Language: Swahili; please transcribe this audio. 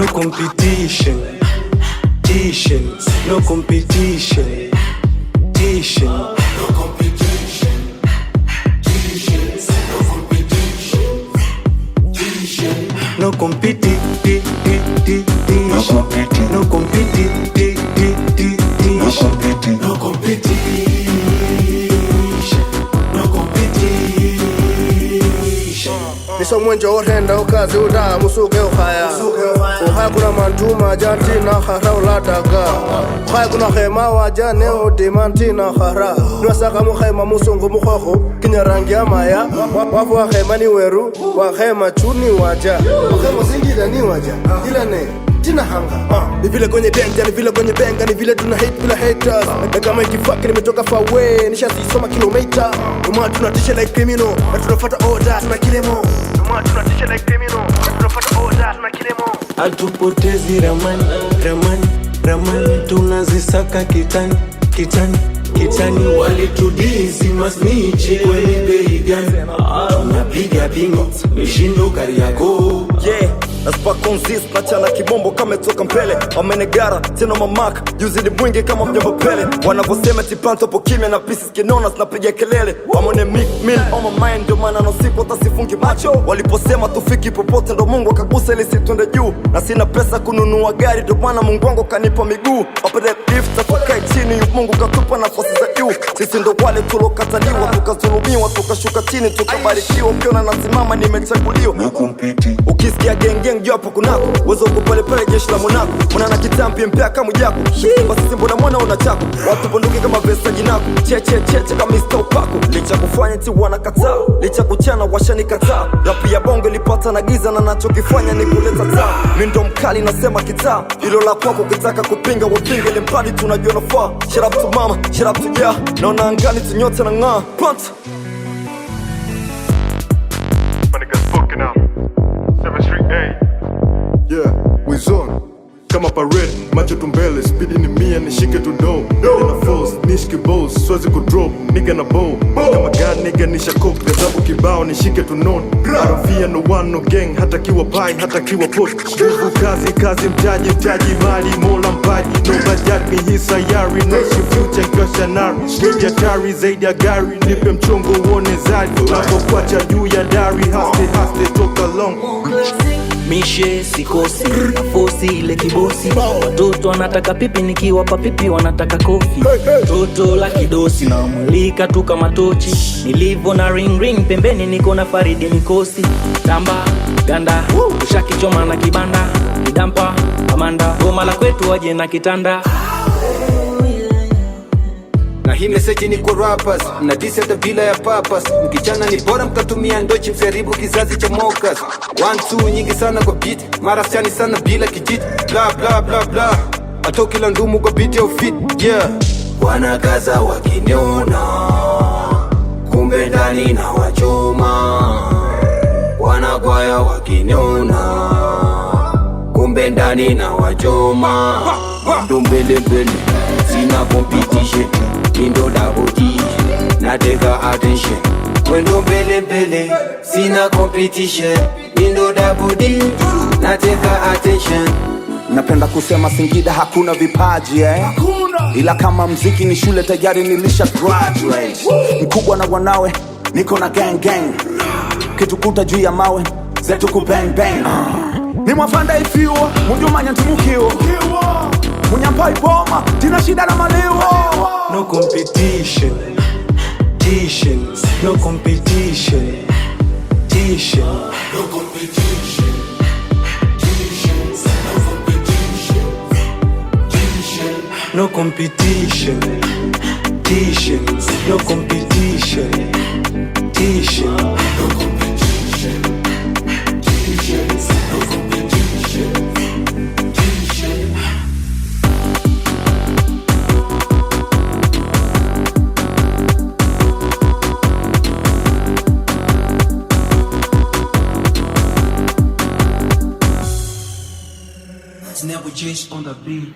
no competition, competition, no competition Niso mwenje orenda ukazi uda musuke ukhaya ukhaya kuna mantuma janti na khara ulataka ukhaya kuna khema waja ne udima ntina khara saka mukhema musungu mukhoku kinya rangi ya maya wafu wakhema ni weru wakhema chuni waja wakhema singida ni waja Hila ah. ne tina hanga uh. Ni vile kwenye denja, ni vile kwenye benga, ni vile tuna hate bila haters uh. Ah. Na kama ikifaki nimetoka far away, nisha zisoma uh. Umatuna tisha like criminal, na tunafuata order, tuna kilemo atupotezi hatupotezi ramani ramani ramani, tunazisaka kitani kitani kitani, walitudizi masnichi kwenye beigani gani? Tunapiga bingo mishindo kariyako yeah Naspa consist na chana kibombo kama toka mbele wamenegara tena mamak juzi ni mwingi kama mjomba Pele wanavyosema tipanto po kimya na pieces kinona kelele wamone mic on my mind ndio maana na tasifungi macho waliposema tufiki popote ndo Mungu akagusa ili situende juu na sina pesa kununua gari ndio maana Mungu wangu kanipa miguu upande lift chini Mungu katupa nafasi za juu. Sisi ndo wale tulokataliwa, tukazulumiwa, tukashuka chini, tukabarikiwa. Ukiona nasimama nimechaguliwa, ukisikia gengeng juu hapo kunako uwezo uko pale pale, jeshi la Monako mwana kitampi mpea kama jako basi, mbona mwana una chako watu bunduki kama vesa jinako cheche cheche kama mista upako, licha kufanya ti wanakataa, licha kuchana washanikataa. Rapi ya bongo ilipata na giza na nachokifanya ni kuleta taa. Mimi ndo mkali nasema kitaa, hilo la kwako kitaka kupinga wapinga, ile mpadi tunajua nafaa up to mama, shut up to yeah Naona angani tunyote na ng'aa Pant My niggas fucking up Seventh Street A. Yeah, we zone kama parade, macho tumbele, spidi ni mia, nishike tudoo na force, nishike balls, siwezi drop nigga na bow kama gun nigga nisha coke, gazabu kibao, nishike tunon arafia, no one no gang, hata kiwa pine, hata kiwa pot nguvu, kazi kazi, mtaji mtaji, mali mola mpaji, no bajak ni hisa yari no naishi future ikiwa shanari, niji tari zaidi ya gari, nipe mchongo uone zari, napokuacha juu ya dari, haste haste talk toka long mishe sikosi na fosi ile kibosi. Watoto wanataka pipi, nikiwapa pipi wanataka kofi. Toto la kidosi na mwilika tu kama tochi, na ring ring pembeni, niko na Faridi mikosi. Tamba ganda ushakichoma na kibanda, kidampa amanda, goma la kwetu waje na kitanda hii message ni kwa rappers, mnadisi hata bila ya papas. Mkichana ni bora mkatumia ndochi, msiharibu kizazi cha mokas. One two nyingi sana kwa beat, mara siani sana bila kijiti, bla bla bla bla, atoki la ndumu kwa beat ya ufit yeah. Wanakaza wakiniona, kumbe ndani na wachoma. Wanakwaya wakiniona, kumbe ndani na wachoma. Ndo mbele mbele, sina competition Tindo Daboti, natega attention. Wendo mbele mbele, sina competition. Tindo Daboti, natega attention. Napenda kusema Singida hakuna vipaji eh? Hakuna. Ila kama mziki ni shule tayari nilisha graduate. Mkubwa na wanawe, niko na gang gang. Kitukuta juu ya mawe, zetu ku bang bang. Uh. Ni mwafanda ifiwa, mujumanya ntumukiwa. Munyampaipoma, tina shida na maliwa competition Competition No competition Competition No competition No competition, no competition, no competition. never just on the beat.